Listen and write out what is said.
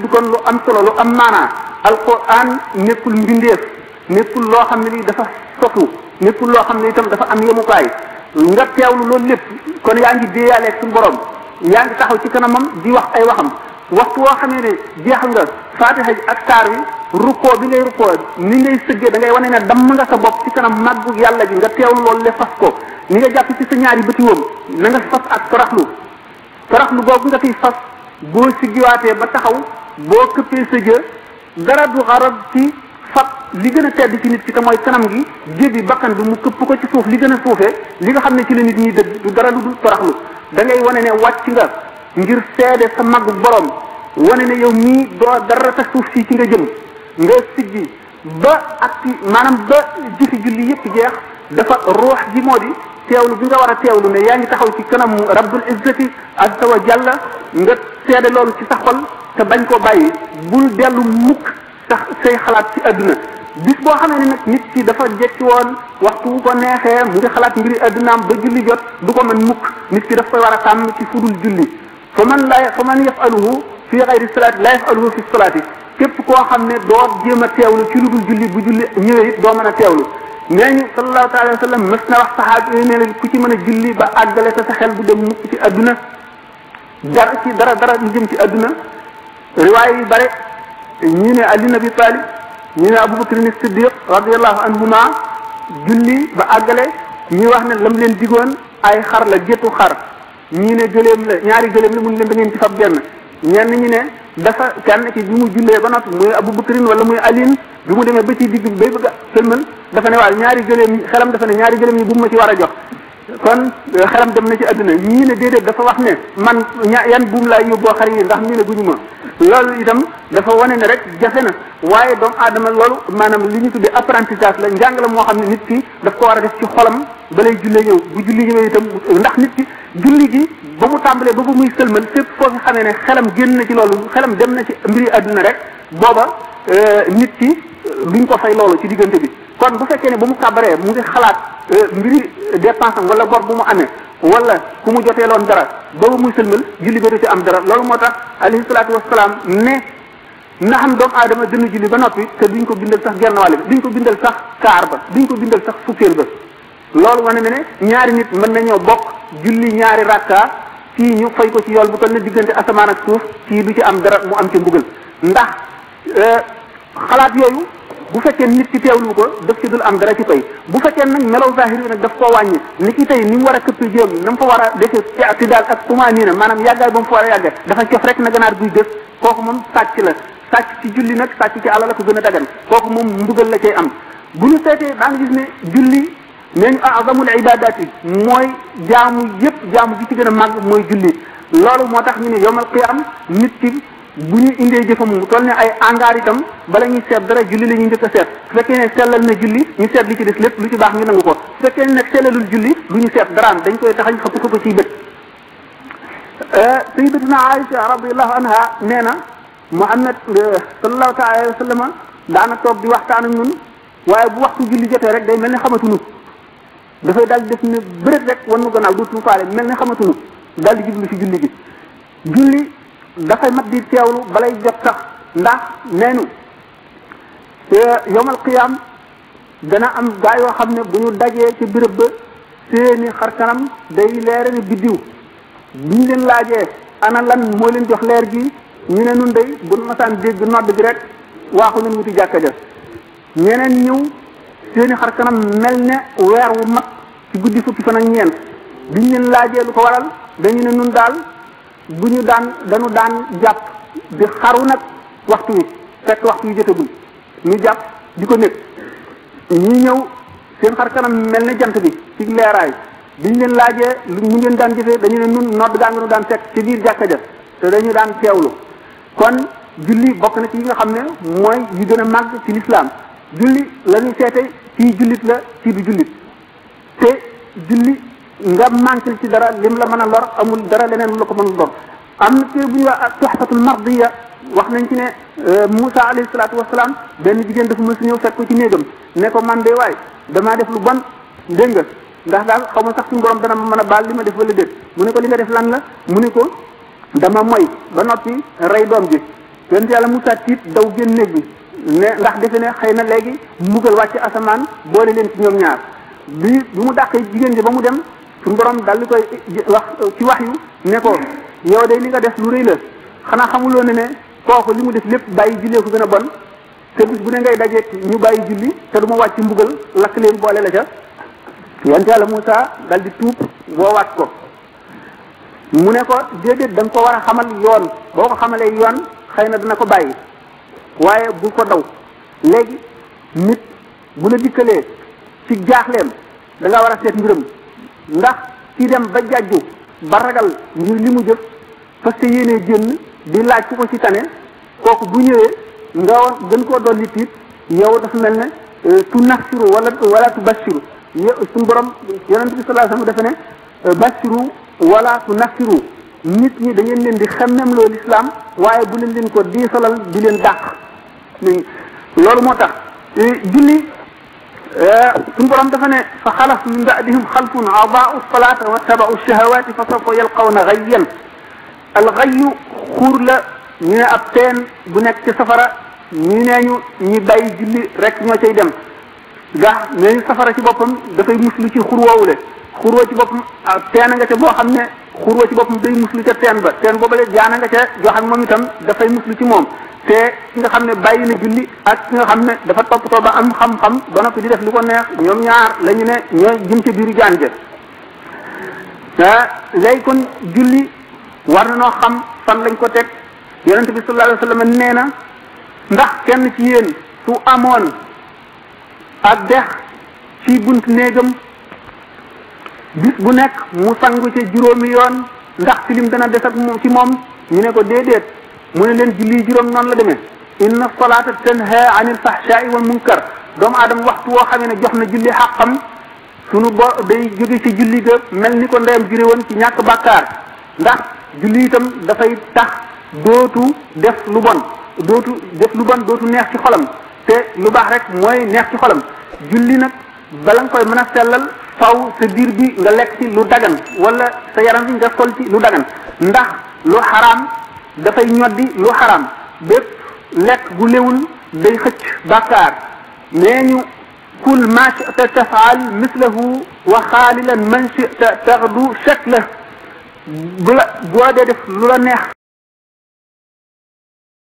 tudd kon lu am solo lu am maanaa alquran nekkul mbindeef nekkul loo xam ne lii dafa sotu nekkul loo xam ne itam dafa am yemukaay nga teewlu loolu lépp kon yaa ngi déeyaaleeg suñu borom yaa ngi taxaw ci kanamam di wax ay waxam waxtu woo xamee ne jeexal nga faatiha ji ak taar wi rukkoo bi ngay ni ngay sëggee da ngay wane ne damm nga sa bopp ci kanam màggu yàlla ji nga teew loolu le fas ko ni nga jàpp ci sa ñaari bëti woom na nga fas ak toraxlu toraxlu boobu nga fiy fas boo waatee ba taxaw boo këppee sa jë dara du xarab ci fab li gën a tedd ci nit ki te mooy kanam gi bi bakkan bi mu këpp ko ci suuf li gën a suufee li nga xam ne ci la nit ñi dëgg du dara lu dul toraxlu da ngay wane ne wàcc nga ngir seede sa mag borom wane ne yow mii doo dara ta suuf si ci nga jëm nga siggi ba ak maanaam ba jëfi julli yëpp jeex dafa ruux ji moo di teewlu bi nga war a teewlu ne yaa ngi taxaw ci kanam rabbul izzati azza wa jalla nga seede loolu ci sa xol te bañ koo bàyyi bul dellu mukk sax say xalaat ci àdduna bis boo xam ne nit ki dafa jekki woon waxtu wu ko neexee mu ngi xalaat mbiri àddunaam ba julli jot du ko mën mukk nit ki daf koy war a tàmm ci fudul julli fa man la fa man yafaluhu fi xayri salaati la yafaluhu fi salaati képp koo xam ne doo jéem a teewlu ci lu dul julli bu julli ñëwee it doo mën a teewlu nee ñu sallallahu taala wa sallam mës na wax saxaaba yooyu nee leen ku ci mën a julli ba àggale te sa xel bu dem mukk ci àdduna dara dara dara jëm ci àdduna riwaay yu bare ñu ne ali nabi talib ñii ne abubakrin siddiq radiallahu anhuma julli ba àggale ñii wax ne lam leen digoon ay xar la géttu xar ñu ne gëléem la ñaari gëléem la mu leen da ngeen ci fab benn ñenn ñu ne dafa kenn ci bi mu jullee ba noppi muy abubakrin wala muy alin bi mu demee ba ci digg bay bëgg a mën dafa ne waaw ñaari gëléem xelam dafa ne ñaari gëléem yi bu mu ma ci war a jox kon euh, xelam dem na ci àdduna ñii ne déedéet dafa wax ne man ña yan buum laay yóbboo xar yi ndax mii ne guñu ma loolu itam dafa wone ne rek jafe na waaye doomu aadama loolu maanaam li ñu tuddee apprentissage la njàng la moo xam ne nit ki daf ko war a def ci xolam balay jullee ñëw bu julli ñëwee itam ndax nit ki julli gi ba mu tàmbalee ba ba muy sëlmal fépp foo fi xamee ne xelam génn na ci loolu xelam dem na ci mbiri àdduna rek booba euh, nit ki duñ ko fay loolu ci diggante bi kon bu fekkee ne bu mu kabaree mu ngi xalaat euh, mbiri dépense am wala bor bu mu amee wala ku mu jotee loon dara booba mu sëlmal julli ba du ci am dara loolu moo tax alayhi salaatu wasalaam ne na xam doomu aadama dina julli ba noppi te duñ ko bindal sax genn wàll bi duñ ko bindal sax kaar ba duñ ko bindal sax fukkeel ba loolu wane na ne ñaari nit mën nañoo bokk julli ñaari rakka fii ñu fay ko ci yool bu toll ne diggante asamaan ak suuf kii du ci am dara mu am ci mbugal ndax euh, xalaat yooyu bu fekkee nit ci teewlu ko daf ci dul am dara ci pay bu fekkee nag melaw zahir nag daf koo wàññi ni ki tey ni mu war a këppi jéem na mu fa war a defee ci daal ak tumaaniina maanaam yàggaay ba mu fa war a yàgge dafa cof rek na ganaar guy gës kooku moom sàcc la sàcc ci julli nag sàcc ci àlal la ko gën a dagan kooku moom mbugal la cay am bu ñu seetee daa nga gis ne julli nee ñu azamul ibadati mooy jaamu yëpp jaamu gi ci gën a màgg mooy julli loolu moo tax ñu ne yowmal qiyam nit ci bu ñu indee jëfam mu toll ne ay angaar itam bala ñuy seet dara julli la ñuy njëkk a seet su fekkee ne sellal na julli ñu seet li ci def lépp lu ci baax ñu nangu ko su fekkee ne nag sellalul julli lu ñu seet daraam dañ koy taxañ xëpp ko ko ciy bët euh, sayyidatuna Aïcha radiyallahu anha nee na Muhammad euh, sallallahu taala alayhi wa sallam daana toog di waxtaan ak ñun waaye bu waxtu julli jotee rek day mel ne xamatuñu dafay daal di def ne bërët rek wan nu gannaaw dootuñu faale mel ne xamatuñu daal di jublu ci julli gi dafay mat di teewlu balay jot sax ndax neenu yowmal qiyaam dana am gaa yoo xam ne bu ñu dajee ci béréb ba seeni xar kanam day leere ni biddiw ñu leen laajee ana lan moo leen jox leer gi ñu ne nun day bu masaan dégg nodd bi rek waaxu nañ wuti jàkka ja ñeneen ñëw seeni xar kanam mel ne weer wu mag ci guddi fukki fan ak ñeent bu ñu leen laajee lu ko waral dañu ne nun daal bu ñu daan dañu daan jàpp di xaru nag waxtu wi fekk waxtu wi jotagul ñu jàpp di ko nekk ñi ñëw seen xar kanam mel ni jant bi ci leeraay bi ñu leen laajee lu mu ngeen daan jëfee dañu leen nun nodd gaa nga nu daan fekk ci biir jàkka ja te dañu daan teewlu kon julli bokk na ci yi nga xam ne mooy yu gën a màgg ci lislaam julli la ñuy seete fii jullit la fii du jullit te julli nga manqué ci dara lim la mën a lor amul dara leneen la ko mën lor am na téere bu ñuy wax tuhfatul mardiya wax nañ ci ne euh, Moussa alayhi salaatu wasalaam benn jigéen dafa mës ñëw fekk ko ci néegam ne ko man de waay damaa def lu bon dégg nga ndax daal xaw ma sax suñu dana ma a baal li ma def wala déet mu ne ko li nga def lan la mu ne ko dama moy ba noppi rey doom ji yonent yàlla Moussa tiit daw génn néeg bi ne ndax defe ne xëy na léegi mbugal wàcc asamaan boole leen ci ñoom ñaar bi bi mu dàqee jigéen ji ba mu dem suñu borom dal di koy wax ci wax yu ne ko yow de li nga def lu rëy la xanaa xamuloo ne ne kooku li mu def lépp bàyyi jullee ko gën a bon te bis bu ne ngay dajeet ñu bàyyi julli te du ma wàcc mbugal lakk leen boole la ca yonent yàlla Moussa dal di tuub woowaat ko mu ne ko déedéet da nga ko war a xamal yoon boo ko xamalee yoon xëy na dina ko bàyyi waaye bul ko daw léegi nit bu ne dikkalee ci jaaxleem da nga war a seet mbiram ndax ci dem ba jàjju ba ragal ngir li mu jëf parce que yéenee génn di laaj ku ko ci tane kooku bu ñëwee nga gën koo dolli tiit yow dafa mel ne euh, tu nasiru wala wala tu basiru suñu borom yonente bi sallallahu alayhi wasallam defe ne euh, basiru wala tu nasiru nit ñi da ngeen leen di xemmem loolu lislaam waaye bu leen leen ko diisalal di leen dàq loolu moo tax euh, julli سم بروم دا فني فخلف من بعدهم خلف عضاء الصلاه واتبعوا الشهوات فسوف يلقون غيا الغي خورلا ني ابتين بو نيك سي سفرا ني نانيو ني باي جولي رك ño cey dem غا ني سفرا سي بوبم دا فاي مسلو سي خور وولا خور وو سي بوبم تينا nga ci bo xur wa ci boppam day muslu ca teen ba teen boobale jaana nga ca joo xam moom itam dafay muslu ci moom te ki nga xam ne bàyyi na julli ak ki nga xam ne dafa toppatoo ba am xam-xam ba noppi di def lu ko neex ñoom ñaar la ñu ne ñooy jëm ca biiru jaan ja ah, léegi kon julli war na noo xam fan lañ ko teg yonente bi sallallahu alayhi wa sallam nee na ndax kenn ci yéen su amoon ak dex ci bunt néegam bis bu nekk mu sangu ca juróomi yoon ndax tilim dana des ak moom ci moom ñu ne ko déedéet mu ne leen julli juróom noonu la demee inna salaata tanha anil fahshaai wal munkar doomu aadama waxtu woo xamee ne jox na julli xàqam nu bo day jóge ci julli ga mel ni ko ndeyam jure woon ci ñàkk bàkkaar ndax julli itam dafay tax dootu def lu bon dootu def lu bon dootu neex ci xolam te lu baax rek mooy neex ci xolam julli nag bala nga koy mën a sellal faw sa biir bi nga lekk ci lu dagan walla sa yaram bi nga sol ci lu dagan ndax lu xaraam dafay ñoddi lu xaraam bépp lekk gu lewul day xëcc bàkkaar nee ñu kul ma chita tafaal mislahu wa xaalilan man chita taxdu shaklah bu la boo dee def lu la neex